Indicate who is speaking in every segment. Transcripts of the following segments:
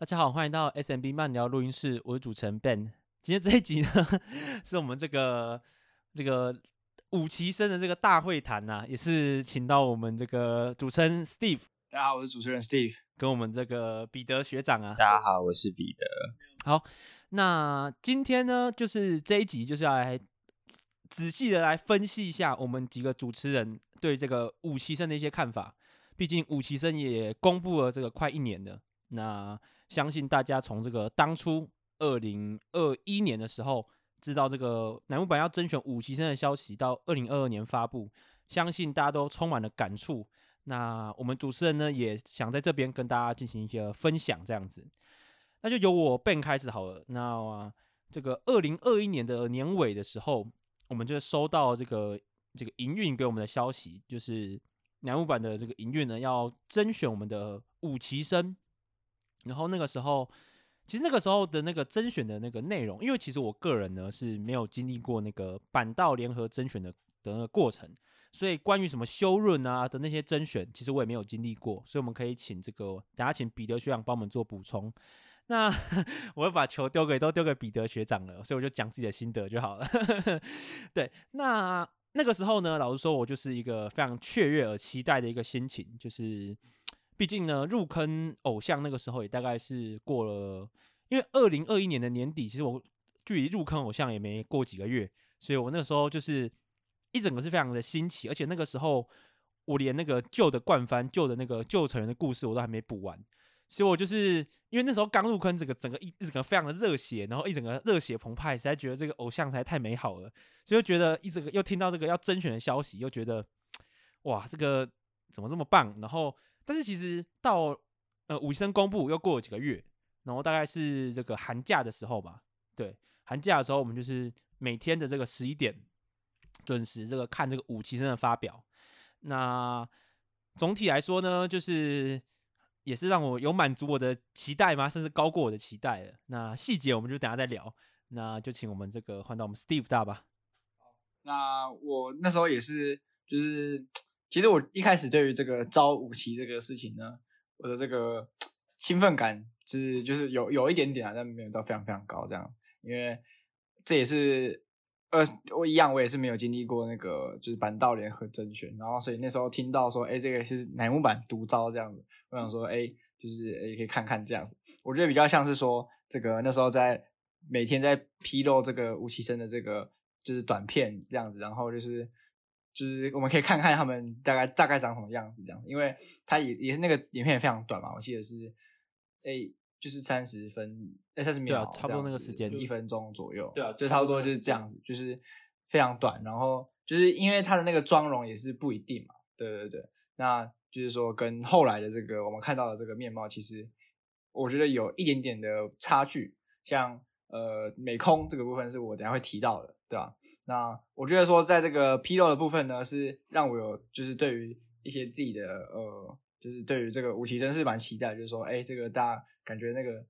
Speaker 1: 大家好，歡迎到 SMB 漫聊錄音室，我是主持人 Ben。今天這一集呢，是我們這個這個五期生的這個大會談吶、啊，也是請到我們這個主持人 Steve。大家好，我是主持人 Steve，跟我們這個彼得學長啊。大家好，我是彼得。好，那今天呢，就是這一集就是要來仔細的來分析一下我們幾個主持人對這個五期生的一些看法。畢竟五期生也公布了這個快一年的。那相信大家從這個當初二零二一年的時候知道這個乃木坂要徵選五期生的消息，到二零二二年發布，相信大家都充滿了感觸。那我們主持人呢，也想在這邊跟大家進行一個分享，這樣子。那就由我 Ben 開始好了。那這個二零二一年的年尾的時候，我們就收到這個這個營運給我們的消息，就是乃木坂的這個營運呢，要徵選我們的五期生。然後那個時候，其實那個時候的那個甄選的那個內容，因為其實我個人呢是沒有經歷過那個坂道聯合甄選的的那個過程，所以關於什麼修潤啊的那些甄選，其實我也沒有經歷過，所以我們可以請這個大家請彼得學長幫我們做補充。那我就把球丟給都丟給彼得學長了，所以我就講自己的心得就好了。呵呵對，那那個時候呢，老實說，我就是一個非常雀躍而期待的一個心情，就是。畢竟呢，入坑偶像那個時候也大概是過了，因為二零二一年的年底，其實我距離入坑偶像也沒過幾個月，所以我那個時候就是一整個是非常的新奇，而且那個時候我連那個舊的冠番舊的那個舊成員的故事我都還沒補完，所以我就是因為那時候剛入坑，這個整個一整個非常的熱血，然後一整個熱血澎湃，實在覺得這個偶像實在太美好了，所以就覺得一整個又聽到這個要甄選的消息，又覺得哇，這個怎麼這麼棒，然後。但是其實到呃五期生公布又過了幾個月，然後大概是這個寒假的時候吧，對，寒假的時候我們就是每天的這個十一點準時這個看這個五期生的發表。那總體來說呢，就是也是讓我有滿足我的期待嗎？甚至高過我的期待了。那細節我們就等下再聊。那就請我們這個換到我們 Steve 大吧。好，
Speaker 2: 那我那時候也是就是。其實我一開始對於這個招五期這個事情呢，我的這個興奮感是就是有有一點點啊，但沒有到非常非常高這樣。因為這也是呃我一樣我也是沒有經歷過那個就是坂道聯合甄選，然後所以那時候聽到說哎、欸、這個是乃木坂獨招這樣子，我想說哎、欸、就是也、欸、可以看看這樣子。我覺得比較像是說這個那時候在每天在披露這個五期生的這個就是短片這樣子，然後就是。就是我們可以看看他們大概大概長什麼樣子這樣子，因為它也也是那個影片也非常短嘛，我記得是，哎、欸，就是三十分，哎、欸，三十秒，差不多那個時間，一分鐘左右，對啊，就差不多就是這樣子，啊、就是非常短，然後就是因為他的那個妝容也是不一定嘛，對對對，那就是說跟後來的這個我們看到的這個面貌，其實我覺得有一點點的差距，像呃美空這個部分是我等下會提到的。對啊，那我覺得說，在這個披露的部分呢，是讓我有就是對於一些自己的呃，就是對於這個五期生，是蠻期待，就是說，哎，這個大家感覺那個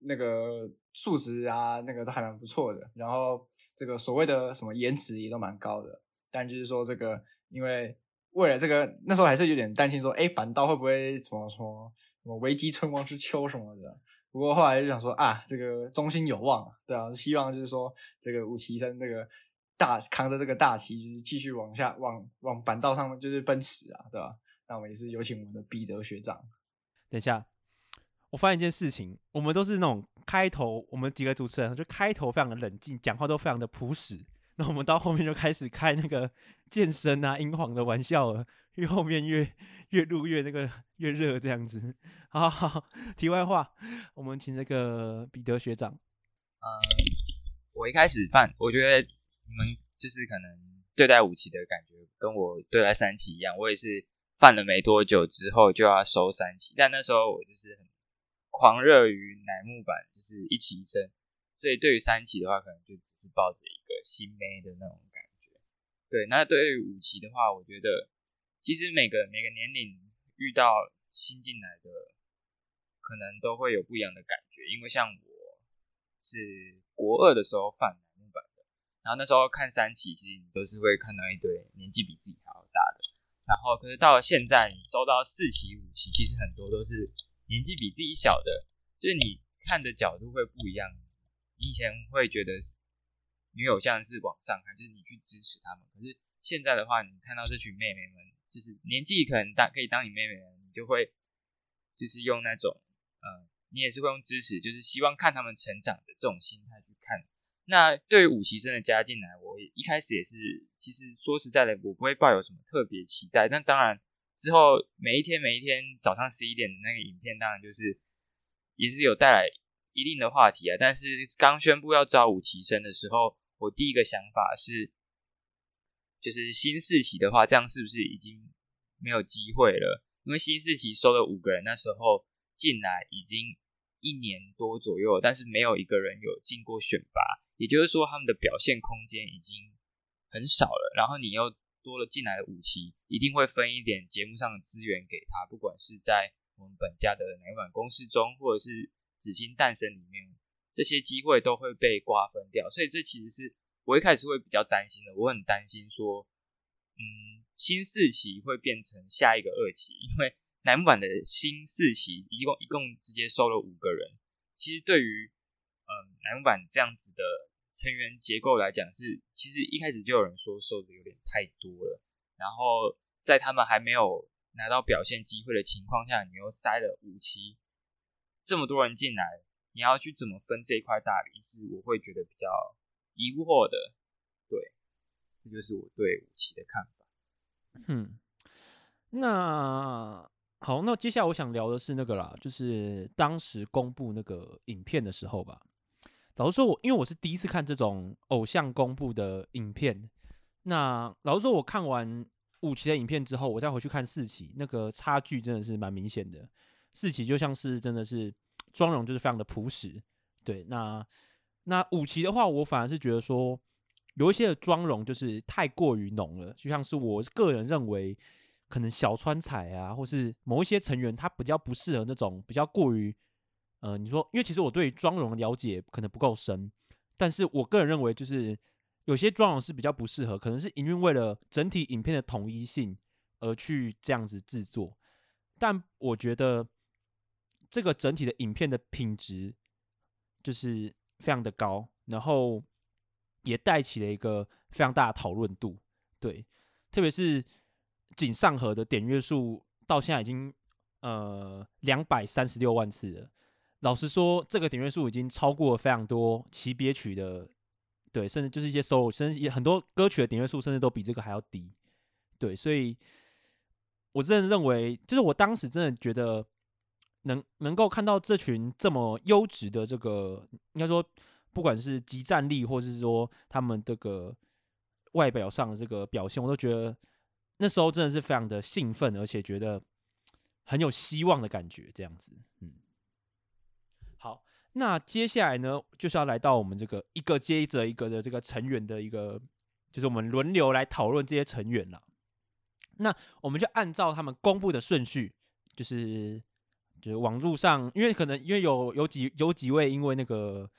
Speaker 2: 那個數值啊，那個都還蠻不錯的，然後這個所謂的什麼顏值也都蠻高的，但就是說這個，因為為了這個那時候還是有點擔心說，哎，坂道會不會怎麼說什麼，什麼危急存亡之秋什麼的。不過後來就想說啊，這個中心有望，對啊，希望就是說這個五期生那個大扛着這個大旗，就是繼續往下往往坂道上面就是奔馳啊，對吧、啊？那我們也是有請我們的
Speaker 1: 彼得學長。等一下，我發現一件事情，我們都是那種開頭，我們幾個主持人就開頭非常的冷靜，講話都非常的樸實。我們到後面就開始開那個健身啊、英皇的玩笑了，越後面越越錄越那個越熱這樣子。好，好，好，題外話，我們請那個彼得學長。
Speaker 3: 嗯，我一開始飯，我覺得你們就是可能對待五期的感覺跟我對待三期一樣，我也是飯了沒多久之後就要收三期，但那時候我就是很狂熱於乃木坂，就是一期一生，所以對於三期的話，可能就只是抱着。一。新妹的那種感覺，對。那對於五期的話，我覺得其實每個每個年齡遇到新進來的，可能都會有不一樣的感覺。因為像我是國二的時候看乃木坂的，然後那時候看三期，其實你都是會看到一堆年紀比自己還要大的。然後可是到了現在，你收到四期、五期，其實很多都是年紀比自己小的，就是你看的角度會不一樣。你以前會覺得。女偶像是往上看，就是你去支持他們。可是現在的話，你看到這群妹妹們，就是年紀可能大，可以當你妹妹了，你就會就是用那種，嗯，你也是會用支持，就是希望看他們成長的這種心態去看。那對於五期生的加進來，我一開始也是，其實說實在的，我不會抱有什麼特別期待。但當然之後每一天每一天早上十一點的那個影片，當然就是也是有帶來一定的話題啊。但是剛宣布要招五期生的時候，我第一個想法是，就是新四期的話，這樣是不是已經沒有機會了？因為新四期收了五個人，那時候進來已經一年多左右，但是沒有一個人有進過選拔，也就是說他們的表現空間已經很少了。然後你又多了進來的五期，一定會分一點節目上的資源給他，不管是在我們本家的哪一版公司中，或者是《紫星誕生》裡面。這些機會都會被瓜分掉，所以這其實是我一開始會比較擔心的。我很擔心說，嗯，新四期會變成下一個二期，因為南版的新四期一共一共直接收了五個人。其實對於嗯南版這樣子的成員結構來講是，其實一開始就有人說收的有點太多了。然後在他們還沒有拿到表現機會的情況下，你又塞了五期這麼多人進來。你要去怎麼分這一塊大理石，是我會覺得比較疑惑的，對，這就是我對五期的看法。嗯，
Speaker 1: 那好，那接下來我想聊的是那個啦，就是當時公布那個影片的時候吧。老實說我，我因為我是第一次看這種偶像公布的影片，那老實說，我看完五期的影片之後，我再回去看四期，那個差距真的是蠻明顯的。四期就像是真的是。妝容就是非常的樸實，對。那那五期的話，我反而是覺得說，有一些的妝容就是太過於濃了，就像是我個人認為，可能小川彩啊，或是某一些成員，他比較不適合那種比較過於，呃，你說，因為其實我對於妝容的了解可能不夠深，但是我個人認為，就是有些妝容是比較不適合，可能是因為為了整體影片的統一性而去這樣子製作，但我覺得。這個整體的影片的品質就是非常的高，然後也帶起了一個非常大的討論度。對，特別是井上和的點閱數到現在已經呃兩百三十六萬次了。老實說，這個點閱數已經超過了非常多期別曲的，對，甚至就是一些 solo，甚至也很多歌曲的點閱數，甚至都比這個還要低。對，所以我真的認為，就是我當時真的覺得。能能夠看到這群這麼優質的這個，應該說不管是即戰力，或是說他們這個外表上的這個表現，我都覺得那時候真的是非常的興奮，而且覺得很有希望的感覺。這樣子，嗯，好，那接下來呢，就是要來到我們這個一個接着一個的這個成員的一個，就是我們輪流來討論這些成員了。那我們就按照他們公布的順序，就是。就是網絡上，因為可能因為有有幾有幾位，因為那個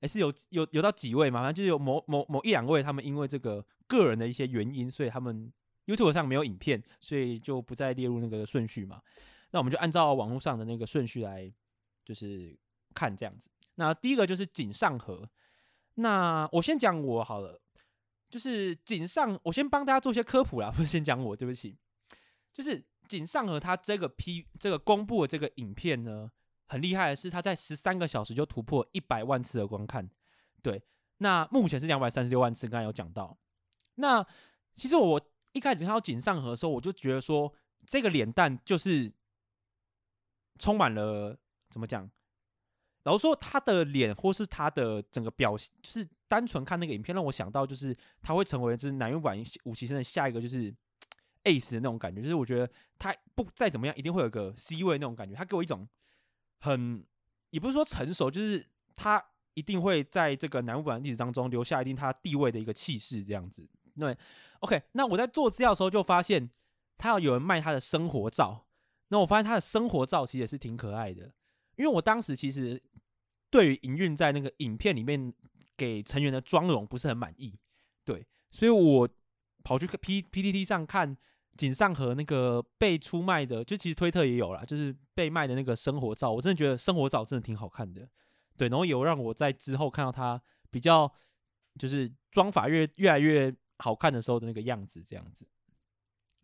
Speaker 1: 也、欸、是有有有到幾位嘛，反正就是有某某某一兩位，他們因為這個個人的一些原因，所以他們 YouTube 上沒有影片，所以就不再列入那個順序嘛。那我們就按照網絡上的那個順序來，就是看這樣子。那第一個就是井上和，那我先講我好了，就是井上，我先幫大家做些科普啦，不是先講我，對不起，就是。井上和他這個批這個公布的這個影片呢，很厲害的是他在十三個小時就突破一百萬次的觀看。對，那目前是兩百三十六萬次，剛才有講到。那其實我一開始看到井上和的時候，我就覺得說這個臉蛋就是充滿了怎麼講？然後說他的臉或是他的整個表現，就是單純看那個影片讓我想到，就是他會成為就是南雲館五期生的下一個就是。的那種感覺，就是我覺得他不再怎麼樣，一定會有個 C 位那種感覺。他給我一種很，也不是說成熟，就是他一定會在這個乃木坂歷史當中留下一定他地位的一個氣勢這樣子。對 OK，那我在做資料的時候就發現，他有人賣他的生活照。那我發現他的生活照其實也是挺可愛的，因為我當時其實對於營運在那個影片裡面給成員的妝容不是很滿意，對，所以我跑去 PTT 上看。井上和那個被出賣的，就其實推特也有啦，就是被賣的那個生活照，我真的覺得生活照真的挺好看的。對，然後也有讓我在之後看到他比較就是妝髮越，越來越好看的時候的那個樣子，這樣子。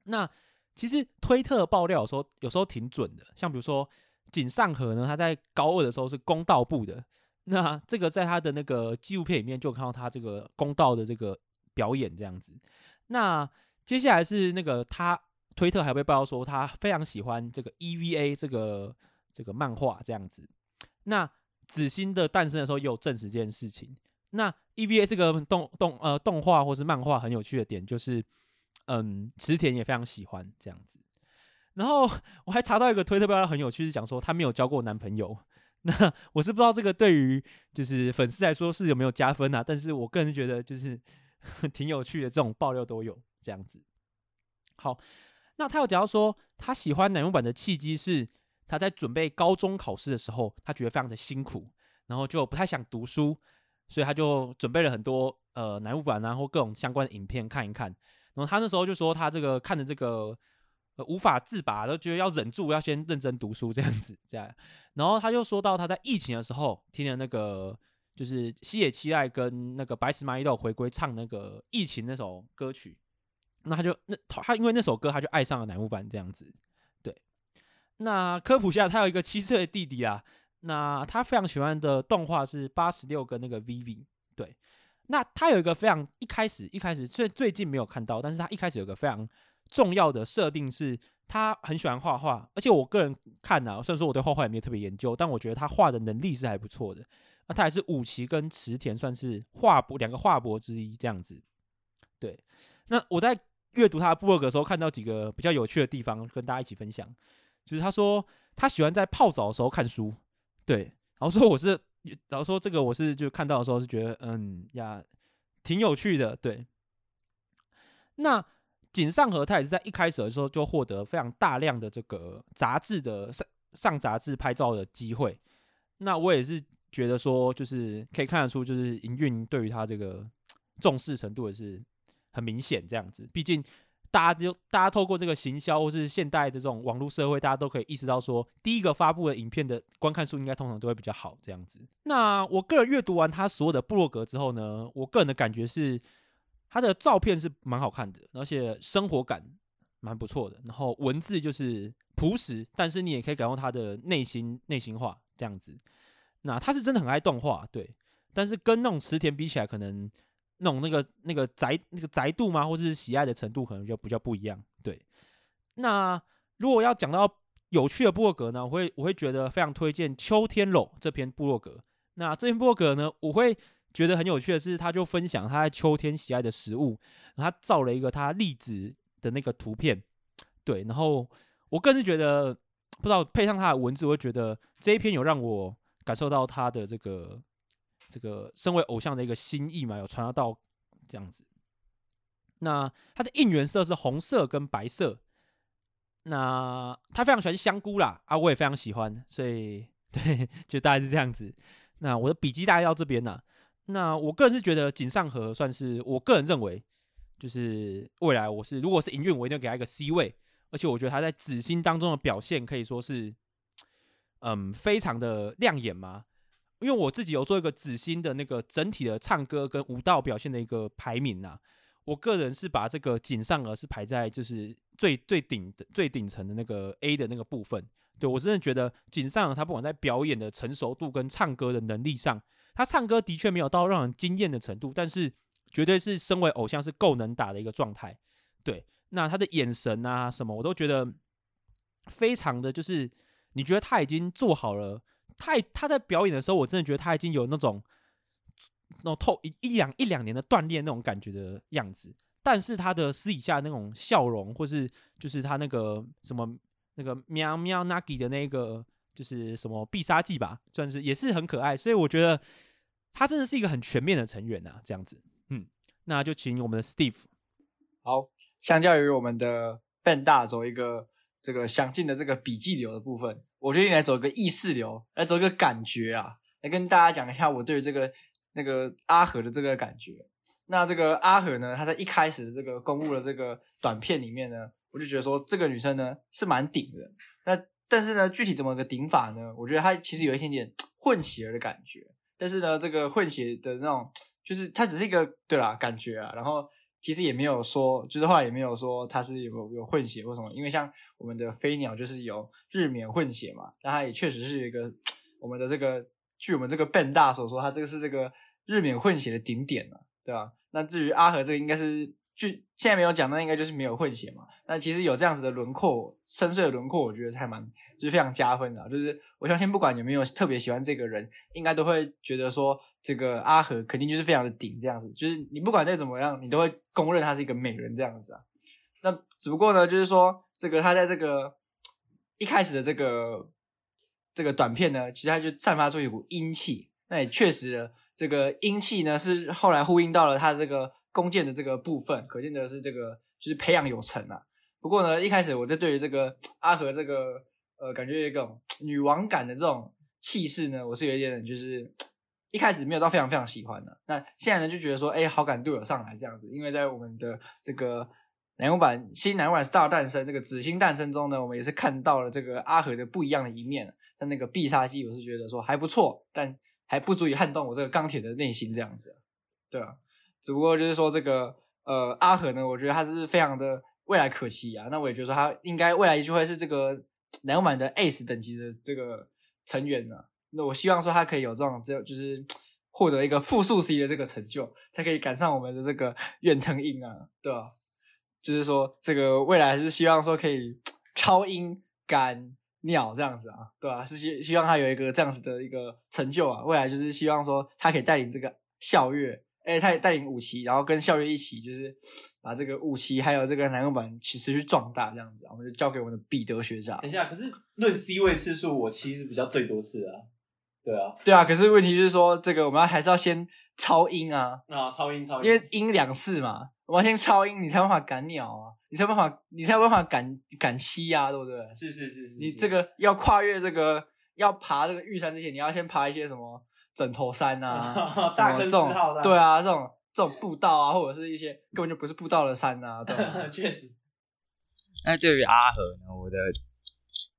Speaker 1: 那其實推特爆料有時候有時候挺準的，像比如說井上和呢，他在高二的時候是公道部的，那這個在他的那個紀錄片裡面就看到他這個公道的這個表演，這樣子。那。接下來是那個他推特還被爆料說他非常喜歡這個 EVA 這個這個漫畫這樣子。那子星的誕生的時候也有證實這件事情。那 EVA 這個動動呃動畫或是漫畫很有趣的點就是，嗯，池田也非常喜歡這樣子。然後我還查到一個推特爆料很有趣，是講說他沒有交過男朋友。那我是不知道這個對於就是粉絲來說是有沒有加分啊？但是我個人是覺得就是挺有趣的，這種爆料都有。這樣子，好，那他又講到說，他喜歡乃木坂的契機是他在準備高中考試的時候，他覺得非常的辛苦，然後就不太想讀書，所以他就準備了很多呃乃木坂啊或各種相關的影片看一看。然後他那時候就說他這個看的這個、呃、無法自拔，都覺得要忍住，要先認真讀書這樣子，這樣子，這樣。然後他就說到他在疫情的時候聽了那個就是西野七瀨跟那個白石麻衣都回歸唱那個疫情那首歌曲。那他就那他因為那首歌，他就愛上了乃木坂這樣子。對，那科普下，他有一個七歲的弟弟啊。那他非常喜歡的動畫是八十六跟那個 V V。對，那他有一個非常一開始一開始最最近沒有看到，但是他一開始有一個非常重要的設定是，他很喜歡畫畫。而且我個人看呢、啊，雖然說我對畫畫也沒有特別研究，但我覺得他畫的能力是還不錯的。那他還是武崎跟池田算是畫伯兩個畫伯之一這樣子。對，那我在。閱讀他的部落格的時候，看到幾個比較有趣的地方，跟大家一起分享。就是他說他喜歡在泡澡的時候看書，對。然後說我是，然後說這個我是就看到的時候是覺得嗯呀挺有趣的，對。那井上和他也是在一開始的時候就獲得非常大量的這個雜誌的上上雜誌拍照的機會。那我也是覺得說，就是可以看得出，就是營運對於他這個重視程度也是。很明顯，這樣子，畢竟大家就大家透過這個行銷或是現代的這種網絡社會，大家都可以意識到說，第一個發布的影片的觀看數應該通常都會比較好，這樣子。那我個人閱讀完他所有的部落格之後呢，我個人的感覺是，他的照片是蠻好看的，而且生活感蠻不錯的，然後文字就是樸實，但是你也可以感受他的內心內心話這樣子。那他是真的很愛動畫，對，但是跟那種池田比起來，可能。那種那個那個宅那個宅度嘛，或者是喜愛的程度，可能就比較不一樣。對，那如果要講到有趣的布洛格呢，我會我會覺得非常推薦《秋天嘍》這篇布洛格。那這篇布洛格呢，我會覺得很有趣的是，他就分享他在秋天喜愛的食物，然後他照了一個他栗子的那個圖片。對，然後我更是覺得，不知道配上他的文字，我會覺得這一篇有讓我感受到他的這個。這個身為偶像的一個心意嘛，有傳達到，到這樣子。那他的應援色是紅色跟白色。那他非常喜歡香菇啦，啊，我也非常喜歡。所以，對，就大概是這樣子。那我的筆記大概到這邊啦。那我個人是覺得井上和算是我個人認為，就是未來我是如果是營運，我一定要給他一個 C 位。而且我覺得他在紫星當中的表現可以說是，嗯，非常的亮眼嘛。因為我自己有做一個紫心的那個整體的唱歌跟舞蹈表現的一個排名啊，我個人是把這個井上和是排在就是最最頂的最頂層的那個 A 的那個部分。對，我真的覺得井上和他不管在表演的成熟度跟唱歌的能力上，他唱歌的確沒有到讓人驚艷的程度，但是絕對是身為偶像是夠能打的一個狀態。對，那他的眼神啊什麼，我都覺得非常的就是你覺得他已經做好了。他他在表演的時候，我真的覺得他已經有那種，那種、個、透一兩一兩年的鍛鍊那種感覺的樣子。但是他的私底下那種笑容，或是就是他那個什麼那個喵喵 nagi 的那個就是什麼必殺技吧，算是也是很可愛。所以我覺得他真的是一個很全面的成員吶、啊，這樣子。嗯，那就請我們的 Steve。
Speaker 2: 好，相較於我們的 Ben 大走一個這個詳盡的這個筆記流的部分。我決定來走一個意識流，來走一個感覺啊，來跟大家講一下我對於這個那個阿和的這個感覺。那這個阿和呢，他在一開始的這個公布的這個短片裡面呢，我就覺得說這個女生呢是蠻頂的。那但是呢，具體怎麼個頂法呢？我覺得她其實有一點點混血兒的感覺，但是呢，這個混血的那種，就是她只是一個對啦感覺啊，然後。其實也沒有說，就是話也沒有說，他是有有，有混血或什麼，因為像我們的飛鳥就是有日緬混血嘛，但他也確實是一個我們的這個，據我們這個 Ben 大所說，他這個是這個日緬混血的頂點了，對吧？那至於阿和這個，應該是。就現在沒有講，那應該就是沒有混血嘛。那其實有這樣子的輪廓，深邃的輪廓，我覺得還蠻，就是非常加分的啊。就是我相信，不管有沒有特別喜歡這個人，應該都會覺得說，這個阿和肯定就是非常的頂，這樣子。就是你不管再怎麼樣，你都會公認他是一個美人，這樣子啊。那只不過呢，就是說這個他在這個一開始的這個這個短片呢，其實他就散發出一股陰氣。那也確實，這個陰氣呢，是後來呼應到了他這個。弓箭的這個部分，可見的是這個就是培養有成啊。不過呢，一開始我就對於這個阿和這個呃，感覺有一種女王感的這種氣勢呢，我是有一點就是一開始沒有到非常非常喜歡的。那現在呢，就覺得說哎，好感度有上來這樣子。因為在我們的這個乃木坂新乃木坂 star 誕生這個紫星誕生中呢，我們也是看到了這個阿和的不一樣的一面。但那個必殺技，我是覺得說還不錯，但還不足以撼動我這個鋼鐵的內心這樣子。對啊。只不過就是說這個呃阿和呢，我覺得他是非常的未來可期啊。那我也覺得他應該未來一定會是這個南管的 S 等級的這個成員呢、啊。那我希望說他可以有這種這，就是獲得一個複數 C 的這個成就，才可以趕上我們的這個遠藤櫻啊，對吧、啊？就是說這個未來是希望說可以超櫻趕鳥這樣子啊，對吧、啊？是希希望他有一個這樣子的一個成就啊。未來就是希望說他可以帶領這個咲月。哎、欸，他也帶領五期然後跟咲月一起，就是把這個五期還有這個南宮版持續壯大，這樣子，我們就交給我們的彼得學長。等一
Speaker 1: 下，可是論 C 位次數，我其實比較最多次的啊。對啊，
Speaker 2: 對啊。可是問題就是說，這個我們要還是要先超音啊，那、
Speaker 1: 啊、超音超音，因
Speaker 2: 為音兩次嘛，我們要先超音，你才有辦法趕鳥啊，你才有辦法，你才有辦法趕趕七啊，對不對？是是，
Speaker 1: 是是是
Speaker 2: 是，你這個要跨越這個，要爬這個玉山之前，你要先爬一些什麼？枕頭山啊， 大坑四號啊這種，對啊，這種這種步道啊，或者是一些根本就不是步道的山啊，
Speaker 3: 對 確實。那對於阿和呢，我的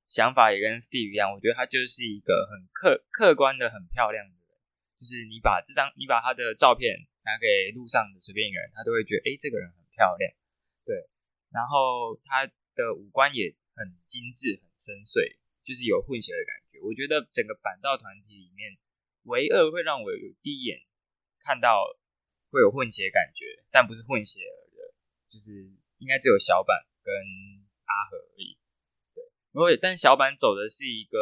Speaker 3: 想法也跟 Steve 一樣，我覺得他就是一個很客客觀的、很漂亮的人。就是你把這張、你把他的照片拿給路上的隨便一個人，他都會覺得哎，這個人很漂亮。對，然後他的五官也很精緻、很深邃，就是有混血的感覺。我覺得整個坂道團體裡面。唯二會讓我第一眼看到會有混血感覺，但不是混血兒的，就是應該只有小板跟阿和而已。對，然後但小板走的是一個，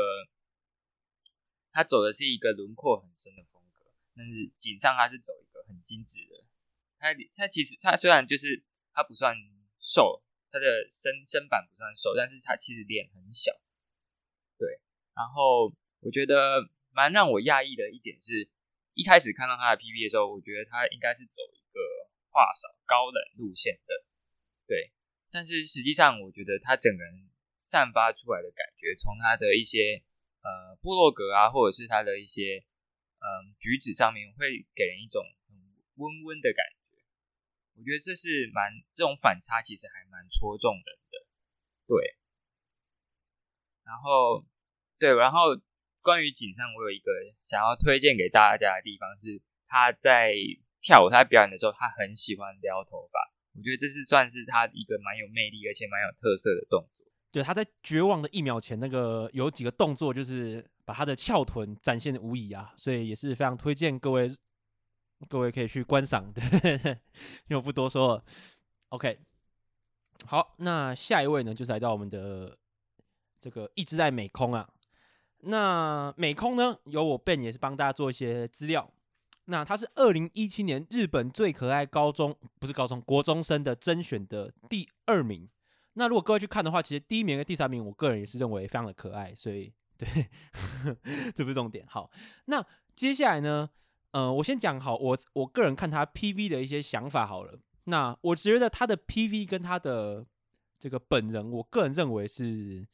Speaker 3: 他走的是一個輪廓很深的風格，但是井上他是走一個很精緻的。他他其實他雖然就是他不算瘦，他的身身板不算瘦，但是他其實臉很小。對，然後我覺得。蠻讓我訝異的一點是，一開始看到他的 PV 的時候，我覺得他應該是走一個話少高冷路線的，對。但是實際上，我覺得他整個人散發出來的感覺，從他的一些呃部落格啊，或者是他的一些嗯舉止上面，會給人一種很溫溫的感覺。我覺得這是蠻這種反差，其實還蠻戳中人的。對。然後，對，然後。關於井上，我有一個想要推薦給大家的地方是，他在跳舞、他在表演的時候，他很喜歡撩頭髮。我覺得這是算是他一個蠻有魅力而且蠻有特
Speaker 1: 色的動作。對，他在絕望的一秒前，那個有幾個動作就是把他的翹臀展現的無遺啊，所以也是非常推薦各位，各位可以去觀賞的。因為我不多說了。OK，好，那下一位呢，就是來到我們的這個一之瀨美空啊。那美空呢，由我 Ben 也是幫大家做一些資料。那他是二零一七年日本最可愛高中，不是高中，國中生的甄選的第二名。那如果各位去看的話，其實第一名跟第三名，我個人也是認為非常的可愛。所以，對， 這不是重點。好，那接下來呢，呃，我先講好我，我我個人看他 PV 的一些想法好了。那我覺得他的 PV 跟他的這個本人，我個人認為是。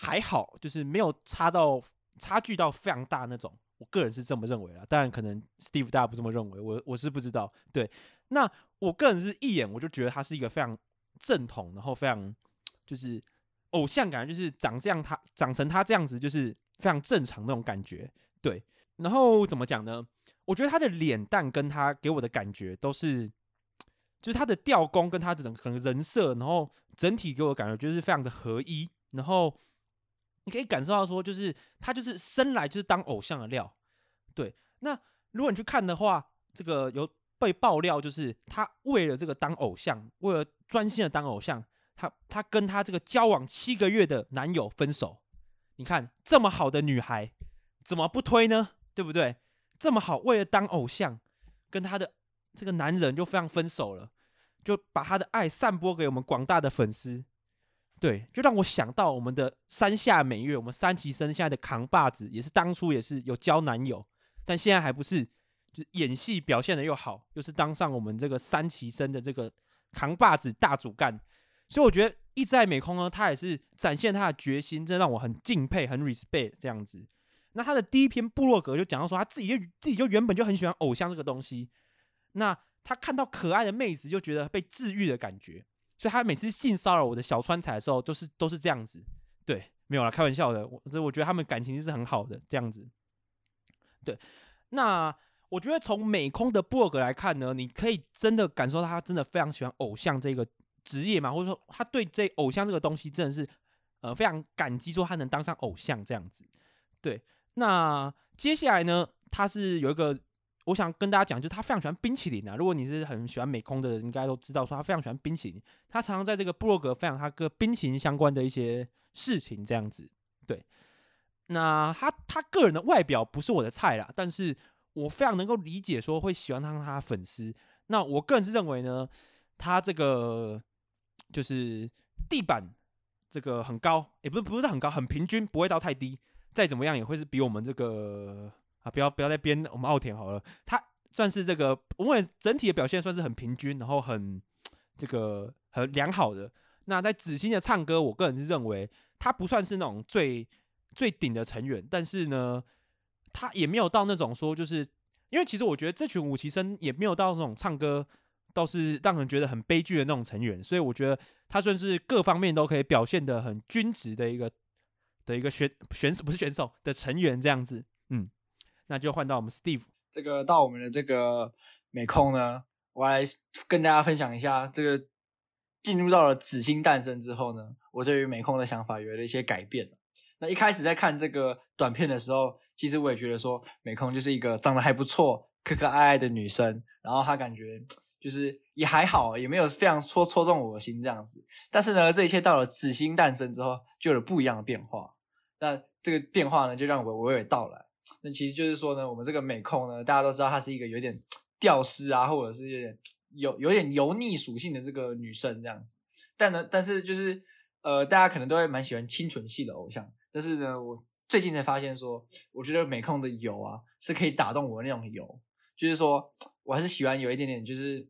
Speaker 1: 還好，就是沒有差到差距到非常大那種。我個人是這麼認為的，當然可能 Steve 大家不這麼認為，我我是不知道。對，那我個人是一眼我就覺得他是一個非常正統，然後非常就是偶像感，就是長這樣，他長成他這樣子，就是非常正常那種感覺。對，然後怎麼講呢？我覺得他的臉蛋跟他給我的感覺都是，就是他的雕工跟他整個人設，然後整體給我的感覺就是非常的合一，然後。你可以感受到說，就是他就是生來就是當偶像的料，對。那如果你去看的話，這個有被爆料，就是他為了這個當偶像，為了專心的當偶像，他他跟他這個交往七個月的男友分手。你看這麼好的女孩，怎麼不推呢？對不對？這麼好，為了當偶像，跟他的這個男人就非常分手了，就把他的愛散播給我們廣大的粉絲。對，就讓我想到我們的山下美月，我們三期生現在的扛把子，也是當初也是有交男友，但現在還不是，就是演戲表現的又好，又是當上我們這個三期生的這個扛把子大主幹，所以我覺得一ノ瀬美空呢，她也是展現她的決心，真的讓我很敬佩，很 respect 這樣子。那她的第一篇部落格就講到說，他自己就自己就原本就很喜歡偶像這個東西，那他看到可愛的妹子就覺得被治癒的感覺。所以，他每次性騷擾我的小川彩的時候，都、就是都是這樣子。對，沒有了，開玩笑的。我所以我覺得他們感情是很好的，這樣子。對，那我覺得從美空的部落格來看呢，你可以真的感受到他真的非常喜歡偶像這個職業嘛，或者說他對這偶像這個東西真的是呃非常感激，說他能當上偶像這樣子。對，那接下來呢，他是有一個。我想跟大家講，就是他非常喜歡冰淇淋啊。如果你是很喜歡美空的人，應該都知道說他非常喜歡冰淇淋。他常常在這個部落格分享他跟冰淇淋相關的一些事情，這樣子。對，那他他個人的外表不是我的菜啦，但是我非常能夠理解說會喜歡上他和他的粉絲。那我個人是認為呢，他這個就是地板這個很高，也、欸、不是不是很高，很平均，不會到太低。再怎麼樣也會是比我們這個。啊、不要不要再編，我們奧田好了。他算是這個，我整體的表現算是很平均，然後很這個很良好的。那在紫欣的唱歌，我個人是認為他不算是那種最最頂的成員，但是呢，他也沒有到那種說就是，因為其實我覺得這群五期生也沒有到那種唱歌倒是讓人覺得很悲劇的那種成員，所以我覺得他算是各方面都可以表現的很均值的一個的一個選選手不是選手的成員這樣子，嗯。那就換到我們 Steve 這個到我
Speaker 2: 們的這個美空呢，我來跟大家分享一下，這個進入到了子星誕生之後呢，我對於美空的想法有了一些改變。那一開始在看這個短片的時候，其實我也覺得說美空就是一個長得還不錯、可可愛愛的女生，然後她感覺就是也還好，也沒有非常戳戳中我的心這樣子。但是呢，這一切到了子星誕生之後，就有了不一樣的變化。那這個變化呢，就讓我娓娓道來。那其實就是說呢，我們這個美空呢，大家都知道她是一個有點屌絲，啊，或者是有點有有點油膩屬性的這個女生這樣子。但呢，但是就是呃，大家可能都會蠻喜歡清純系的偶像。但是呢，我最近才發現說，我覺得美空的油啊，是可以打動我的那種油。就是說，我還是喜歡有一點點，就是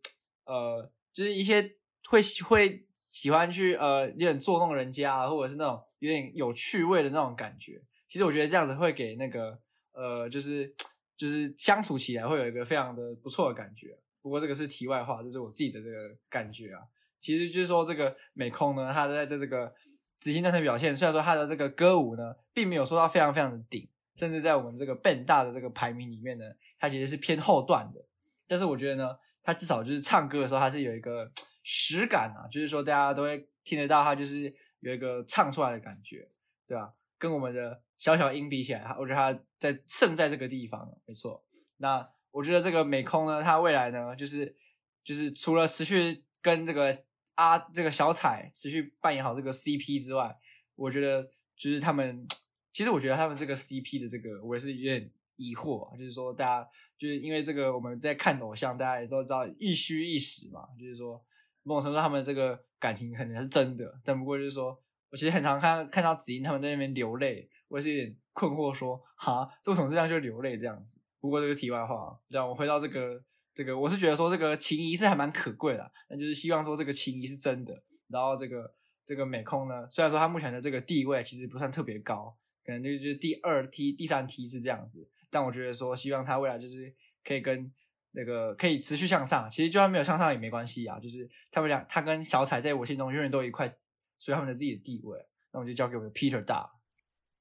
Speaker 2: 呃，就是一些會會喜歡去呃，有點捉弄人家，啊，或者是那種有點有趣味的那種感覺。其實我覺得這樣子會給那個呃，就是就是相處起來會有一個非常的不錯的感覺。不過這個是題外話，這、就是我自己的這個感覺啊。其實就是說，這個美空呢，他在這這個執行大賽表現，雖然說他的這個歌舞呢，並沒有說到非常非常的頂，甚至在我們這個 Ben 大的這個排名裡面呢，他其實是偏後段的。但是我覺得呢，他至少就是唱歌的時候，他是有一個實感啊，就是說大家都會聽得到他就是有一個唱出來的感覺，對吧、啊？跟我們的。小小音比起來，我覺得他在勝在這個地方，沒錯。那我覺得這個美空呢，他未來呢，就是就是除了持續跟這個阿這個小彩持續扮演好這個 CP 之外，我覺得就是他們其實我覺得他們這個 CP 的這個，我也是有點疑惑，就是說大家就是因為這個我們在看偶像，大家也都知道一虛一實嘛，就是說某種程度他們這個感情可能是真的，但不過就是說我其實很常看看到子音他們在那邊流淚。我是有點困惑說，哈，這個這樣就流淚這樣子。不過這個題外話，這樣我回到這個這個，我是覺得說這個情誼是還蠻可貴的。那就是希望說這個情誼是真的。然後這個這個美空呢，雖然說他目前的這個地位其實不算特別高，可能就就是第二梯、第三梯是這樣子。但我覺得說希望他未來就是可以跟那個可以持續向上。其實就算沒有向上也沒關係啊，就是他們倆，他跟小彩在我心中永遠都有一塊，所以他們的自己的地位，那我就交給我的 Peter 大。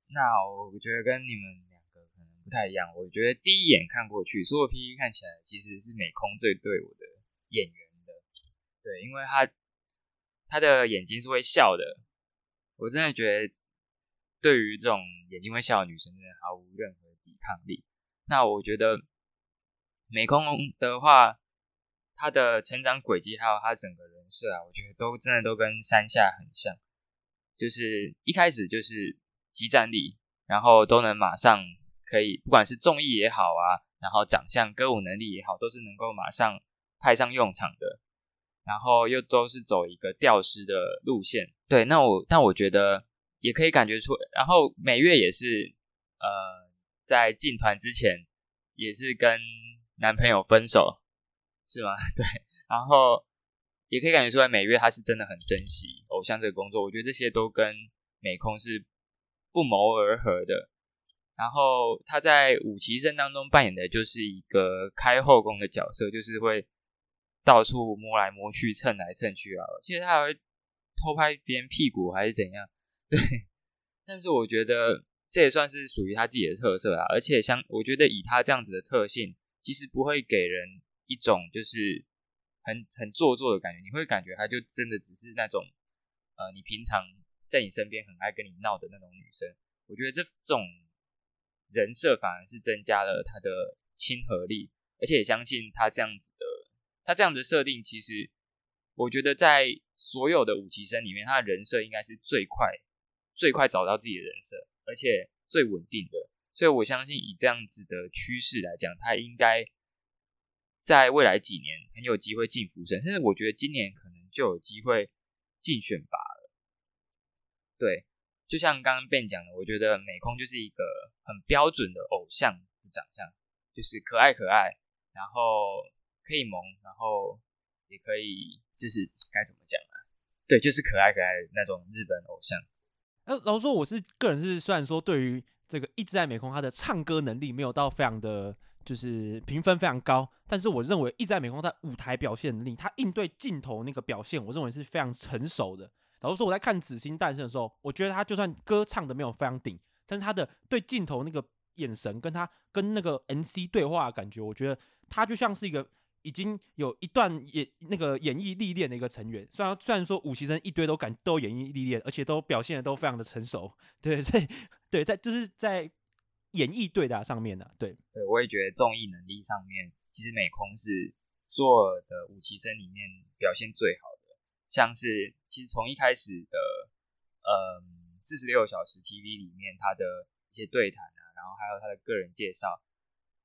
Speaker 3: 那我覺得跟你們兩個可能不太一樣。我覺得第一眼看過去，所有 PV 看起來其實是美空最對我的演員的，對，因為他他的眼睛是會笑的。我真的覺得，對於這種眼睛會笑的女生，真的毫無任何抵抗力。那我覺得美空的話，她的成長軌跡還有她整個人設啊，我覺得都真的都跟山下很像，就是一開始就是。即戰力，然後都能馬上可以，不管是綜藝也好啊，然後長相、歌舞能力也好，都是能夠馬上派上用場的。然後又都是走一個調師的路線，對。那我，那我覺得也可以感覺出。然後美月也是，呃，在進團之前也是跟男朋友分手，是嗎？對。然後也可以感覺出來，美月她是真的很珍惜偶像這個工作。我覺得這些都跟美空是。不謀而合的，然後他在五期生當中扮演的就是一個開後宮的角色，就是會到處摸來摸去、蹭來蹭去啊。其實他還會偷拍別人屁股還是怎樣？對，但是我覺得這也算是屬於他自己的特色啊。而且，像我覺得以他這樣子的特性，其實不會給人一種就是很很做作的感覺。你會感覺他就真的只是那種，呃，你平常。在你身邊很愛跟你鬧的那種女生，我覺得這種人設反而是增加了她的親和力，而且也相信她這樣子的，她這樣子設定，其實我覺得在所有的五期生裡面，她的人設應該是最快最快找到自己的人設，而且最穩定的，所以我相信以這樣子的趨勢來講，她應該在未來幾年很有機會進福神，甚至我覺得今年可能就有機會競選吧。對，就像剛剛 Ben 講的，我覺得美空就是一個很標準的偶像的長相，就是可愛可愛，然後可以萌，然後也可以就是該怎麼講啊？對，就是可愛可愛的那種日本偶像。
Speaker 1: 那老實說，我是個人是雖然說對於這個一之瀨美空，他的唱歌能力沒有到非常的，就是評分非常高，但是我認為一之瀨美空他舞台表現能力，他應對鏡頭那個表現，我認為是非常成熟的。老實說，我在看《紫星誕生》的時候，我覺得他就算歌唱的沒有非常頂，但是他的對鏡頭那個眼神，跟他跟那個 MC 對話的感覺，我覺得他就像是一個已經有一段演那個演藝歷練的一個成員。雖然雖然說五期生一堆都敢都演藝歷練，而且都表現的都非常的成熟。對對對，在就是在演繹對答上面呢、啊，對
Speaker 3: 對我也覺得綜藝能力上面，其實美空是做的五期生裡面表現最好的。像是其實從一開始的，呃、嗯，四十六小時 TV 裡面他的一些對談啊，然後還有他的個人介紹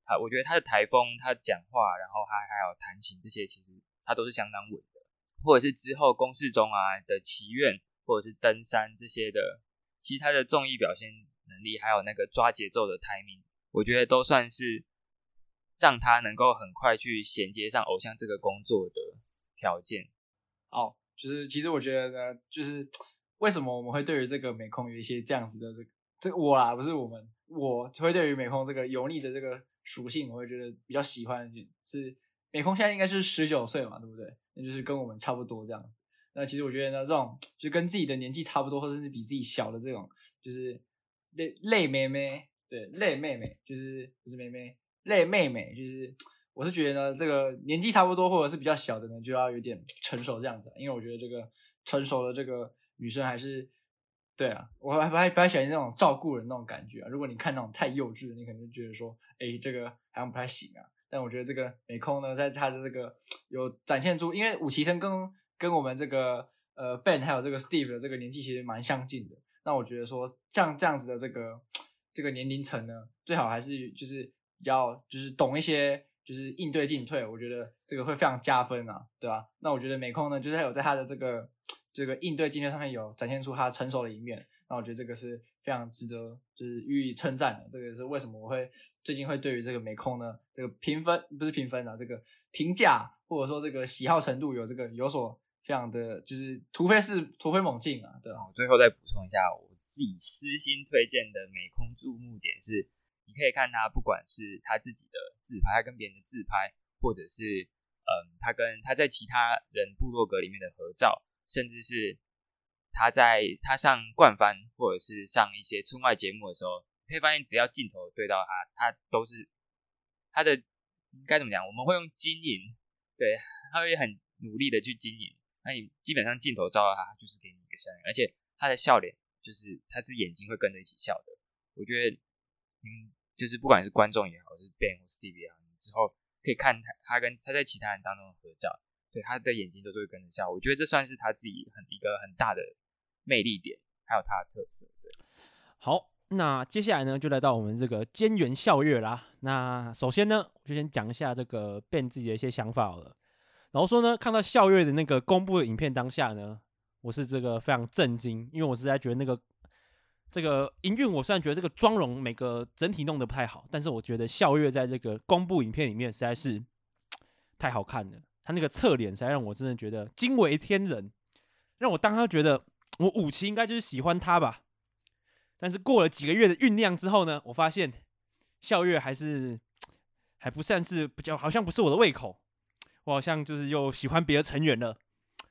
Speaker 3: 啊，我覺得他的台風、他講話，然後還還有彈琴這些，其實他都是相當穩的。或者是之後工事中啊的祈願，或者是登山這些的，其實他的綜藝表現能力，還有那個抓節奏的 timing，我覺得都算是讓他能夠很快去銜接上偶像這個工作的條件哦。就是，其實我
Speaker 2: 覺得呢，就是為什麼我們會對於這個美空有一些這樣子的這個這個我啊，不是我們，我會對於美空這個油膩的這個屬性，我會覺得比較喜歡，就是。是美空現在應該是十九歲嘛，對不對？那就是跟我們差不多這樣子。那其實我覺得呢，這種就跟自己的年紀差不多，或者是比自己小的這種，就是累累妹妹，對，累妹妹，就是不是妹妹，累妹妹，就是。我是覺得呢，這個年紀差不多或者是比較小的呢，就要有點成熟這樣子，因為我覺得這個成熟的這個女生還是，對啊，我還不太，不太喜歡那種照顧人那種感覺啊。如果你看那種太幼稚的，你可能就覺得說，哎，這個好像不太行啊。但我覺得這個美空呢，在她的這個有展現出，因為五期生跟跟我們這個呃 Ben 還有這個 Steve 的這個年紀其實蠻相近的，那我覺得說像這樣子的這個這個年齡層呢，最好還是就是要就是懂一些。就是應對進退，我覺得這個會非常加分啊，對吧，啊？那我覺得美空呢，就是還有在他的這個這個應對進退上面有展現出他成熟的一面，那我覺得這個是非常值得就是予以稱讚的。這個是為什麼我會最近會對於這個美空呢這個評分不是評分啊，這個評價或者說這個喜好程度有這個有所非常的就是突飛是突飛猛進啊，
Speaker 3: 對吧，啊？我最後再補充一下，我自己私心推薦的美空注目點是。你可以看他，不管是他自己的自拍，跟別人的自拍，或者是嗯，他跟他在其他人部落格裡面的合照，甚至是他在他上冠番或者是上一些出外節目的時候，可以發現只要鏡頭對到他，他都是他的該怎麼講？我們會用經營，對他會很努力的去經營。那你基本上鏡頭照到他，他就是給你一個笑臉，而且他的笑臉就是他是眼睛會跟着一起笑的。我覺得，嗯。就是不管是觀眾也好，就是 Ben，或是 Steve 啊，你之後可以看他，他跟他在其他人當中的合照，對，他的眼睛都都會跟着笑，我覺得這算是他自己很一個很大的魅力點，還有他的特色。對，
Speaker 1: 好，那接下來呢，就來到我們這個菅原咲月啦。那首先呢，我就先講一下這個 Ben 自己的一些想法好了。然後說呢，看到咲月的那個公布的影片當下呢，我是這個非常震驚，因為我實在覺得那個。這個音俊，我雖然覺得這個妝容每個整體弄得不太好，但是我覺得咲月在這個公布影片裡面實在是太好看了，他那個側臉實在讓我真的覺得驚為天人，讓我當時覺得我五期應該就是喜歡他吧。但是過了幾個月的醞釀之後呢，我發現咲月還是還不算是比較，好像不是我的胃口，我好像就是又喜歡別的成員了。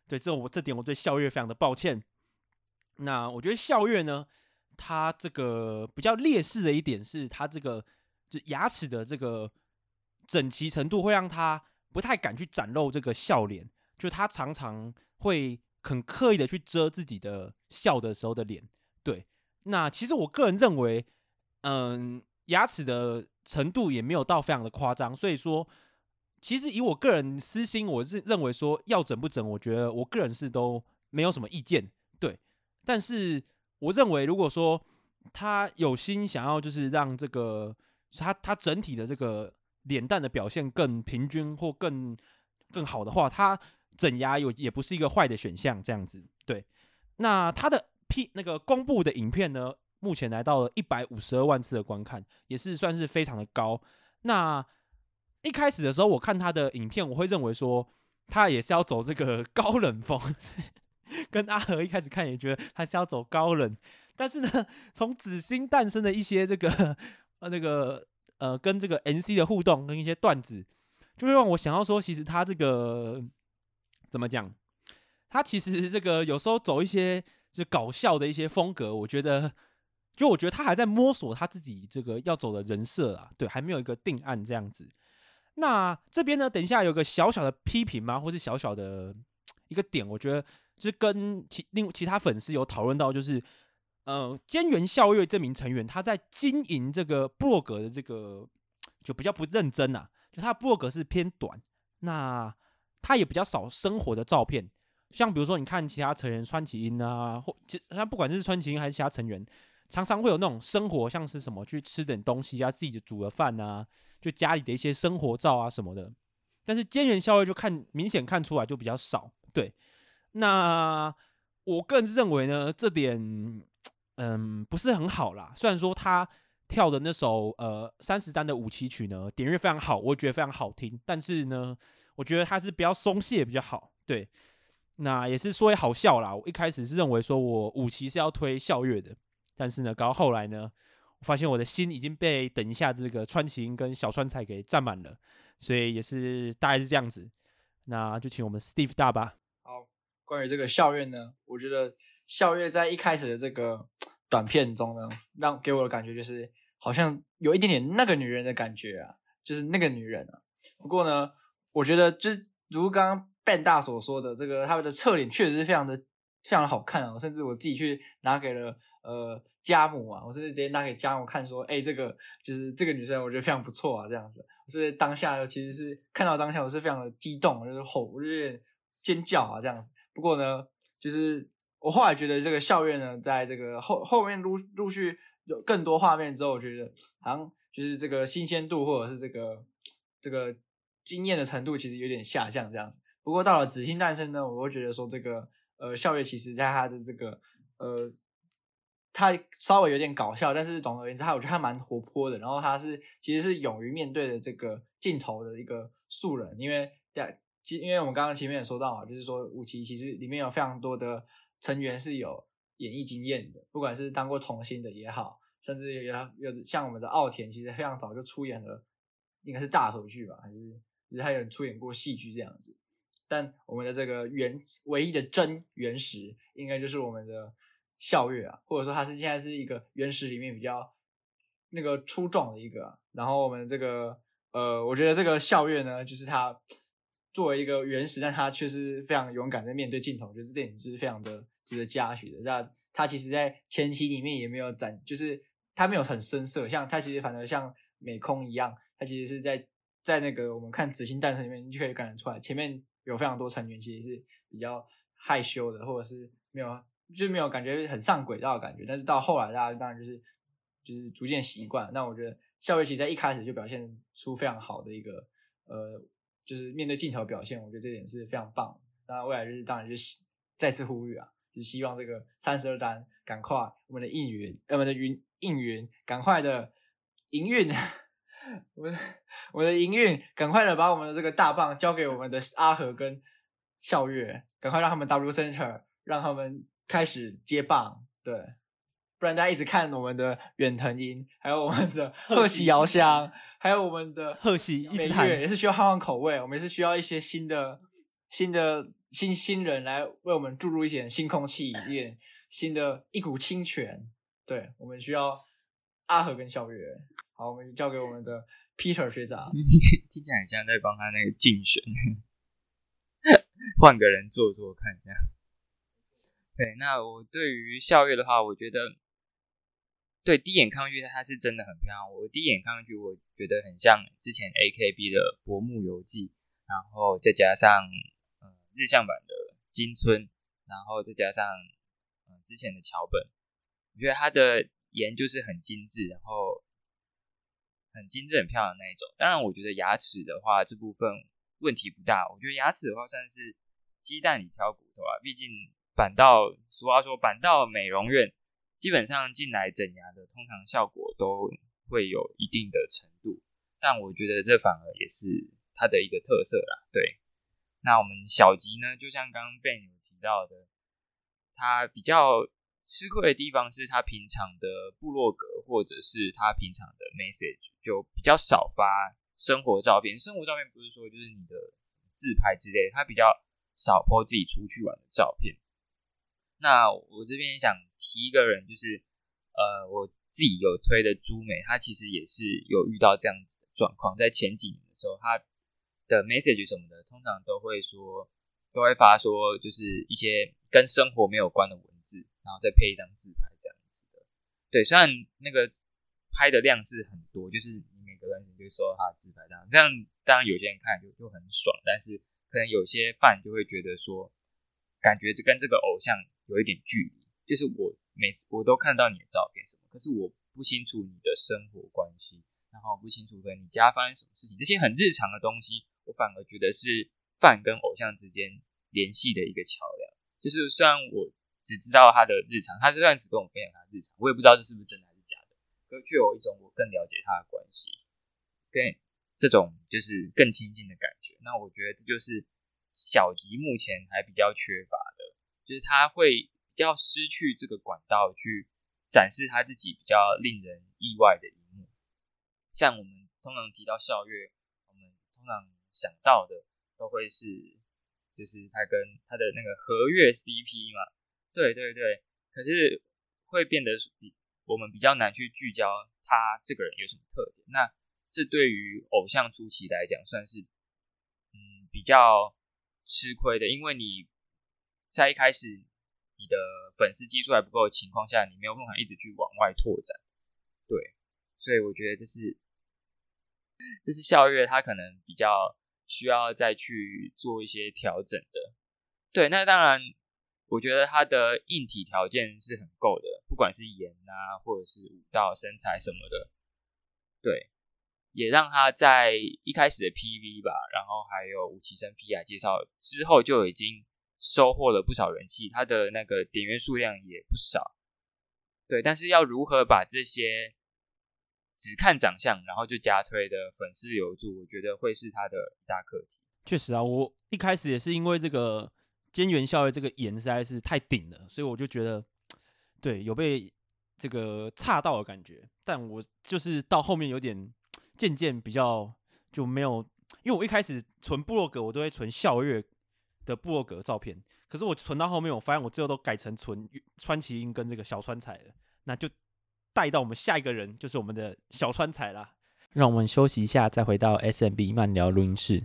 Speaker 1: 對，這我這點我對咲月非常的抱歉。那我覺得咲月呢，他這個比較劣勢的一點是，他這個就牙齒的這個整齊程度，會讓他不太敢去展露這個笑臉，就他常常會很刻意的去遮自己的笑的時候的臉。對，那其實我個人認為，嗯，牙齒的程度也沒有到非常的誇張，所以說，其實以我個人私心，我是認為說要整不整，我覺得我個人是都沒有什麼意見。對，但是。我認為，如果說他有心想要，就是讓這個他他整體的這個臉蛋的表現更平均或更更好的話，他整牙有也不是一個壞的選項。這樣子，對。那他的 P 那個公布的影片呢，目前來到了一百五十二萬次的觀看，也是算是非常的高。那一開始的時候，我看他的影片，我會認為說他也是要走這個高冷風。 跟阿和一開始看也覺得他是要走高冷，但是呢，從紫星誕生的一些這個呃那個呃跟這個 N C 的互動跟一些段子，就會讓我想到說，其實他這個怎麼講？他其實這個有時候走一些就搞笑的一些風格，我覺得就我覺得他還在摸索他自己這個要走的人設啊，對，還沒有一個定案這樣子。那這邊呢，等一下有個小小的批評嗎？或是小小的一個點，我覺得。就跟其另其他粉絲有討論到，就是，嗯、呃，菅原咲月這名成員，他在經營這個博客的這個就比較不認真啊，就他的博客是偏短，那他也比較少生活的照片，像比如說你看其他成員川崎櫻啊，或其實他不管是川崎櫻還是其他成員，常常會有那種生活，像是什麼去吃點東西啊，自己煮的飯啊，就家裡的一些生活照啊什麼的，但是菅原咲月就看明顯看出來就比較少，對。那我個人認為呢，這點嗯、呃、不是很好啦。雖然說他跳的那首呃《三十單的五期曲》呢，點樂非常好，我覺得非常好聽。但是呢，我覺得他是比較鬆懈比較好。對，那也是說也好笑啦，我一開始是認為說我五期是要推咲月的，但是呢，搞到後來呢，我發現我的心已經被等一下這個川崎跟小川彩給佔滿了，所以也是大概是這樣子。那就請我們 Steve 大吧。
Speaker 2: 關於這個咲月呢，我覺得咲月在一開始的這個短片中呢，讓給我的感覺就是好像有一點點那個女人的感覺啊，就是那個女人啊。不過呢，我覺得就是如剛剛 Ben 大所說的，這個她們的側臉確實是非常的非常的好看啊。甚至我自己去拿給了呃家母啊，我甚至直接拿給家母看，說：“哎、欸，這個就是這個女生，我覺得非常不錯啊。”這樣子，我當下其實是看到當下我是非常的激動，就是吼。我就尖叫啊，這樣子。不過呢，就是我後來覺得這個咲月呢，在這個後後面陸陸續續有更多畫面之後，我覺得好像就是這個新鮮度或者是這個這個驚艷的程度其實有點下降這樣子。不過到了《紫星誕生》呢，我會覺得說這個呃咲月其實在他的這個呃他稍微有點搞笑，但是總而言之，他我覺得他蠻活潑的。然後他是其實是勇於面對的這個鏡頭的一個素人，因為在。其，因為，我們剛剛前面也說到啊，就是說，五期其實裡面有非常多的成員是有演藝經驗的，不管是當過童星的也好，甚至有有像我們的奧田，其實非常早就出演了，應該是大和劇吧，還是就是還有出演過戲劇這樣子。但我們的這個原唯一的真原石，應該就是我們的咲月啊，或者說他是現在是一個原石裡面比較那個出眾的一個。然後我們這個呃，我覺得這個咲月呢，就是他。作為一個原始，但他卻是非常勇敢，的面對鏡頭，就是這點，就是非常的值得嘉許的。那他其實在前期裡面也沒有展，就是他沒有很生澀，像他其實反而像美空一樣，他其實是在在那個我們看《紫星誕生》裡面，你可以感覺得出來，前面有非常多成員其實是比較害羞的，或者是沒有就沒有感覺很上軌道的感覺。但是到後來，大家當然就是就是逐漸習慣。那我覺得咲月其實在一開始就表現出非常好的一個呃。就是面對鏡頭表現，我覺得這點是非常棒。那未來日、就是、當然就是、再次呼籲啊，就希望這個三十二單趕快我們的應援、呃，我們的雲應援趕快的營運，我的我的營運趕快的把我們的這個大棒交給我們的阿和跟咲月，趕快讓他們 W Center 讓他們開始接棒，對。不然大家一直看我們的遠藤音，還有我們的賀喜遙香， 喜還有我們的賀喜美月，也是需要換換口味。 我們也是需要一些新的、新的新新人來為我們注入一點新空氣，一點新的一股清泉。對，我們需要阿和跟咲月。好，我們就交給我們的 Peter 學長。
Speaker 3: 聽起來很像在幫他那個競選。換 個人做做看一下。對、okay，那我對於咲月的話，我覺得。對，第一眼看上去她是真的很漂亮。我第一眼看上去，我覺得很像之前 AKB 的柏木由紀，然後再加上嗯日向坂的金村，然後再加上、嗯、之前的橋本，我覺得她的顏就是很精緻，然後很精緻、很漂亮的那一種。當然，我覺得牙齒的話這部分問題不大。我覺得牙齒的話算是雞蛋裡挑骨頭啊，畢竟坂道俗話說坂道美容院。基本上進來整牙的，通常效果都會有一定的程度，但我覺得這反而也是它的一個特色啦。對，那我們小吉呢，就像剛剛 Ben 有提到的，他比較吃虧的地方是他平常的部落格或者是他平常的 message 就比較少發生活照片。生活照片不是說就是你的自拍之類，他比較少 PO 自己出去玩的照片。那我這邊想提一個人，就是呃，我自己有推的朱美，他其實也是有遇到這樣子的狀況。在前幾年的時候，他的 message 什麼的，通常都會說，都會發說，就是一些跟生活沒有關的文字，然後再配一張自拍這樣子的。對，雖然那個拍的量是很多，就是每個人可能就收到他的自拍，這樣當然有些人看就就很爽，但是可能有些飯就會覺得說，感覺這跟這個偶像。有一點距離，就是我每次我都看到你的照片什麼，可是我不清楚你的生活關係，然後不清楚跟你家發生什麼事情，這些很日常的東西，我反而覺得是飯跟偶像之間聯繫的一個橋樑。就是雖然我只知道他的日常，他這段只跟我分享他日常，我也不知道這是不是真的還是假的，卻有一種我更了解他的關係，跟這種就是更親近的感覺。那我覺得這就是小吉目前還比較缺乏。就是他會比較失去這個管道去展示他自己比較令人意外的一面，像我們通常提到咲月，我們通常想到的都會是，就是他跟他的那個和月 CP 嘛。對對對，可是會變得比我們比較難去聚焦他這個人有什麼特點。那這對於偶像初期來講算是嗯比較吃虧的，因為你。在一開始，你的粉絲基數還不夠的情況下，你沒有辦法一直去往外拓展，對，所以我覺得這是，這是咲月他可能比較需要再去做一些調整的，對，那當然，我覺得他的硬體條件是很夠的，不管是顏啊，或者是舞蹈身材什麼的，對，也讓他在一開始的 PV 吧，然後還有五期生 P.R. 介紹之後就已經。收穫了不少人氣，他的那個點閱數量也不少，對，但是要如何把這些只看長相然後就加推的粉絲留住，我覺得會是他的大課
Speaker 1: 題。確實啊，我一開始也是因為這個菅原咲月的這個顏實在是太頂了，所以我就覺得對，有被這個差到的感覺。但我就是到後面有點漸漸比較就沒有，因為我一開始存部落格，我都會存咲月。的布洛格照片，可是我存到後面，我發現我最後都改成存川崎英、跟這個小川彩了，那就帶到我們下一個人，就是我們的小川彩啦，讓我們休息一下，再回到 SMB 漫聊錄音室。